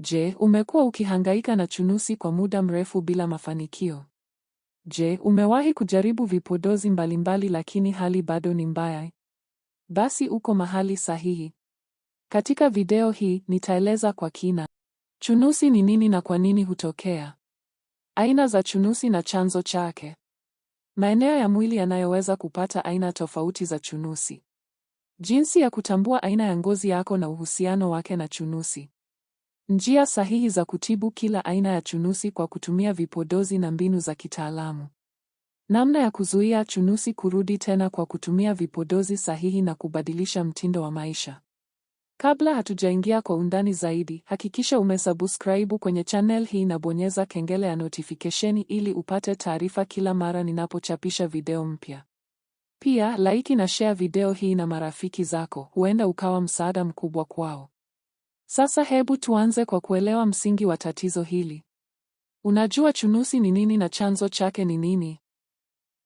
Je, umekuwa ukihangaika na chunusi kwa muda mrefu bila mafanikio? Je, umewahi kujaribu vipodozi mbalimbali lakini hali bado ni mbaya? Basi uko mahali sahihi. Katika video hii nitaeleza kwa kina chunusi ni nini na kwa nini hutokea, aina za chunusi na chanzo chake, maeneo ya mwili yanayoweza kupata aina tofauti za chunusi, jinsi ya kutambua aina ya ngozi yako na uhusiano wake na chunusi Njia sahihi za kutibu kila aina ya chunusi kwa kutumia vipodozi na mbinu za kitaalamu. Namna ya kuzuia chunusi kurudi tena kwa kutumia vipodozi sahihi na kubadilisha mtindo wa maisha. Kabla hatujaingia kwa undani zaidi, hakikisha umesubscribe kwenye channel hii na bonyeza kengele ya notification ili upate taarifa kila mara ninapochapisha video mpya. Pia, like na share video hii na marafiki zako, huenda ukawa msaada mkubwa kwao. Sasa hebu tuanze kwa kuelewa msingi wa tatizo hili. Unajua chunusi ni nini na chanzo chake ni nini?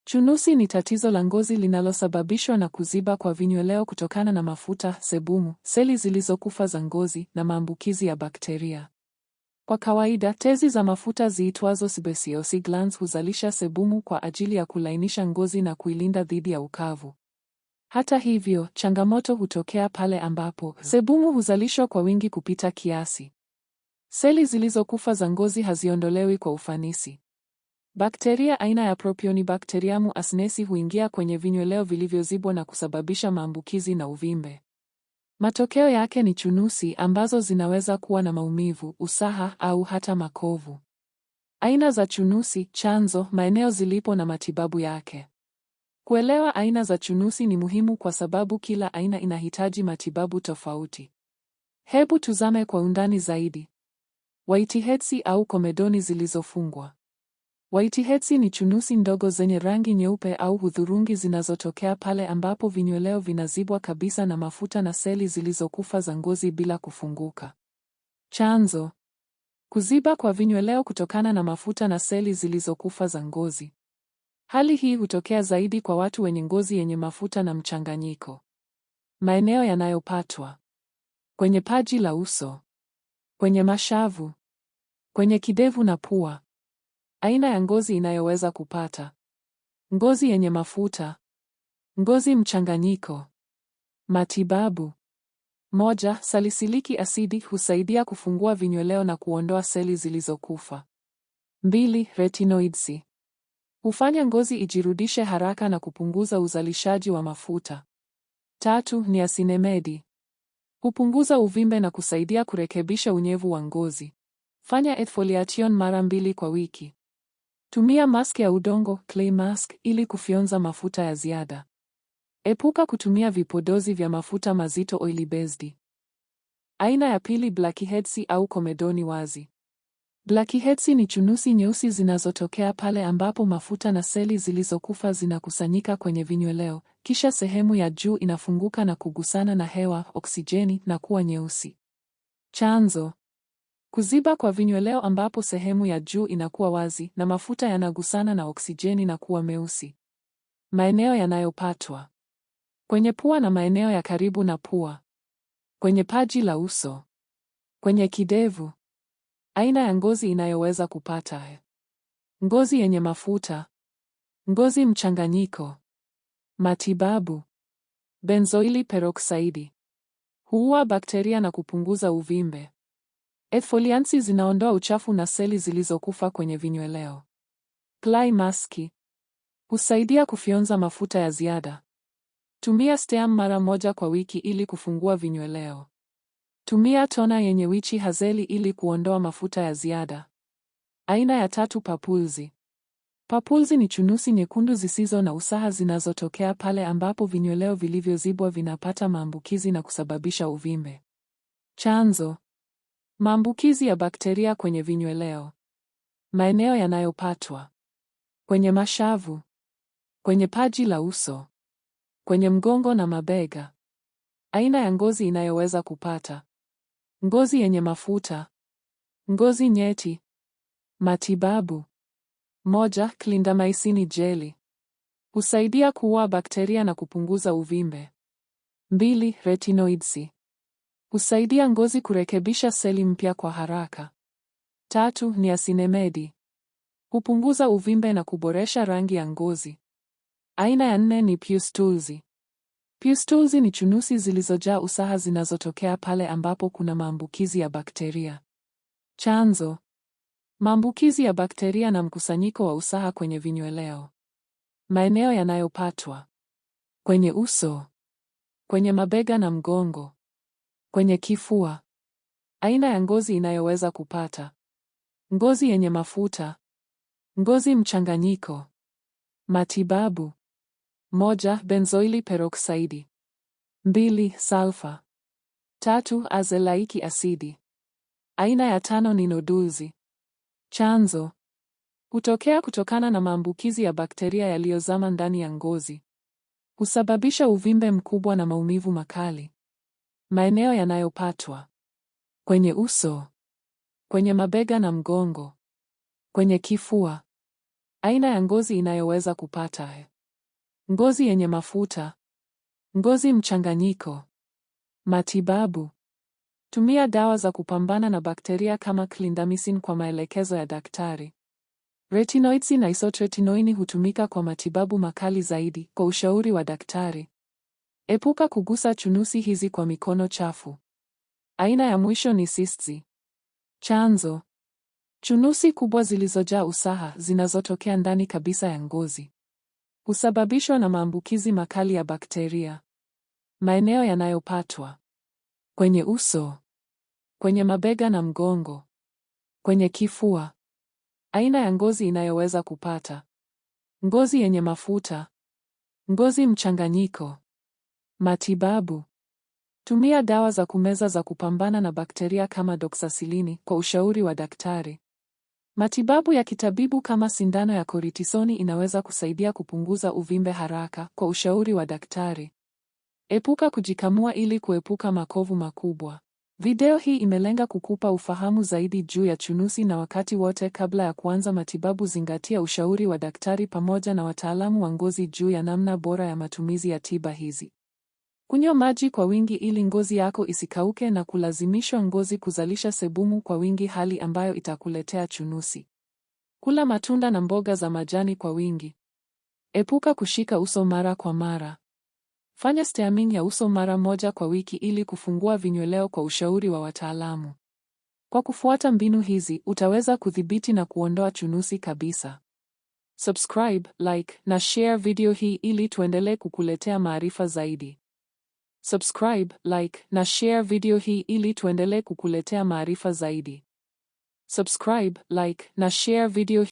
Chunusi ni tatizo la ngozi linalosababishwa na kuziba kwa vinyweleo kutokana na mafuta, sebumu, seli zilizokufa za ngozi na maambukizi ya bakteria. Kwa kawaida, tezi za mafuta ziitwazo sebaceous glands huzalisha sebumu kwa ajili ya kulainisha ngozi na kuilinda dhidi ya ukavu. Hata hivyo, changamoto hutokea pale ambapo sebumu huzalishwa kwa wingi kupita kiasi. Seli zilizokufa za ngozi haziondolewi kwa ufanisi. Bakteria aina ya Propionibacterium asnesi huingia kwenye vinyweleo vilivyozibwa na kusababisha maambukizi na uvimbe. Matokeo yake ni chunusi ambazo zinaweza kuwa na maumivu, usaha au hata makovu. Aina za chunusi, chanzo, maeneo zilipo na matibabu yake. Kuelewa aina za chunusi ni muhimu kwa sababu kila aina inahitaji matibabu tofauti. Hebu tuzame kwa undani zaidi. Whiteheads au komedoni zilizofungwa. Whiteheads ni chunusi ndogo zenye rangi nyeupe au hudhurungi zinazotokea pale ambapo vinyweleo vinazibwa kabisa na mafuta na seli zilizokufa za ngozi bila kufunguka. Chanzo: kuziba kwa vinyweleo kutokana na mafuta na seli zilizokufa za ngozi. Hali hii hutokea zaidi kwa watu wenye ngozi yenye mafuta na mchanganyiko. Maeneo yanayopatwa: kwenye paji la uso, kwenye mashavu, kwenye kidevu na pua. Aina ya ngozi inayoweza kupata: ngozi yenye mafuta, ngozi mchanganyiko. Matibabu: moja, salisiliki asidi husaidia kufungua vinyweleo na kuondoa seli zilizokufa. Mbili, retinoids Hufanya ngozi ijirudishe haraka na kupunguza uzalishaji wa mafuta. Tatu, asinemedi hupunguza uvimbe na kusaidia kurekebisha unyevu wa ngozi. Fanya exfoliation mara mbili kwa wiki. Tumia mask ya udongo clay mask ili kufyonza mafuta ya ziada. Epuka kutumia vipodozi vya mafuta mazito oily based. Aina ya pili, blackheads au komedoni wazi. Blackheads ni chunusi nyeusi zinazotokea pale ambapo mafuta na seli zilizokufa zinakusanyika kwenye vinyweleo, kisha sehemu ya juu inafunguka na kugusana na hewa, oksijeni, na kuwa nyeusi. Chanzo: kuziba kwa vinyweleo ambapo sehemu ya juu inakuwa wazi na mafuta yanagusana na oksijeni na kuwa meusi. Maeneo yanayopatwa: kwenye pua na maeneo ya karibu na pua, kwenye paji la uso, kwenye kidevu. Aina ya ngozi inayoweza kupata: ngozi yenye mafuta, ngozi mchanganyiko, matibabu. Benzoili peroksaidi huua bakteria na kupunguza uvimbe. Efoliansi zinaondoa uchafu na seli zilizokufa kwenye vinyweleo. Ply maski husaidia kufyonza mafuta ya ziada. Tumia steam mara moja kwa wiki ili kufungua vinyweleo. Tumia tona yenye wichi hazeli ili kuondoa mafuta ya ziada. Aina ya tatu, papulzi. Papulzi ni chunusi nyekundu zisizo na usaha zinazotokea pale ambapo vinyweleo vilivyozibwa vinapata maambukizi na kusababisha uvimbe. Chanzo: maambukizi ya bakteria kwenye vinyweleo. Maeneo yanayopatwa: kwenye mashavu, kwenye paji la uso, kwenye mgongo na mabega. Aina ya ngozi inayoweza kupata: ngozi yenye mafuta, ngozi nyeti, matibabu. Moja, clindamycin jeli husaidia kuua bakteria na kupunguza uvimbe. Mbili, retinoids husaidia ngozi kurekebisha seli mpya kwa haraka. Tatu, niacinamide hupunguza uvimbe na kuboresha rangi ya ngozi. Aina ya nne ni pustules Pustules ni chunusi zilizojaa usaha zinazotokea pale ambapo kuna maambukizi ya bakteria. Chanzo: maambukizi ya bakteria na mkusanyiko wa usaha kwenye vinyweleo. Maeneo yanayopatwa: kwenye uso, kwenye mabega na mgongo, kwenye kifua. Aina ya ngozi inayoweza kupata: ngozi yenye mafuta, ngozi mchanganyiko. Matibabu: moja, benzoili peroksaidi. Mbili, salfa. Tatu, azelaiki asidi. Aina ya tano ni noduzi. Chanzo hutokea kutokana na maambukizi ya bakteria yaliyozama ndani ya ngozi. Husababisha uvimbe mkubwa na maumivu makali. Maeneo yanayopatwa: kwenye uso, kwenye mabega na mgongo, kwenye kifua. Aina ya ngozi inayoweza kupata ngozi yenye mafuta, ngozi mchanganyiko, matibabu. Tumia dawa za kupambana na bakteria kama clindamycin kwa maelekezo ya daktari. Retinoids na isotretinoin hutumika kwa matibabu makali zaidi kwa ushauri wa daktari. Epuka kugusa chunusi hizi kwa mikono chafu. Aina ya mwisho ni cysts. Chanzo: chunusi kubwa zilizojaa usaha zinazotokea ndani kabisa ya ngozi husababishwa na maambukizi makali ya bakteria. Maeneo yanayopatwa: kwenye uso, kwenye mabega na mgongo, kwenye kifua. Aina ya ngozi inayoweza kupata: ngozi yenye mafuta, ngozi mchanganyiko. Matibabu: tumia dawa za kumeza za kupambana na bakteria kama doksasilini kwa ushauri wa daktari. Matibabu ya kitabibu kama sindano ya kortisoni inaweza kusaidia kupunguza uvimbe haraka kwa ushauri wa daktari. Epuka kujikamua ili kuepuka makovu makubwa. Video hii imelenga kukupa ufahamu zaidi juu ya chunusi na wakati wote kabla ya kuanza matibabu zingatia ushauri wa daktari pamoja na wataalamu wa ngozi juu ya namna bora ya matumizi ya tiba hizi. Kunywa maji kwa wingi ili ngozi yako isikauke na kulazimishwa ngozi kuzalisha sebumu kwa wingi, hali ambayo itakuletea chunusi. Kula matunda na mboga za majani kwa wingi. Epuka kushika uso mara kwa mara. Fanya steaming ya uso mara moja kwa wiki ili kufungua vinyweleo kwa ushauri wa wataalamu. Kwa kufuata mbinu hizi, utaweza kudhibiti na kuondoa chunusi kabisa. Subscribe, like na share video hii ili tuendelee kukuletea maarifa zaidi. Subscribe, like na share video hii ili tuendelee kukuletea maarifa zaidi. Subscribe, like na share video hii.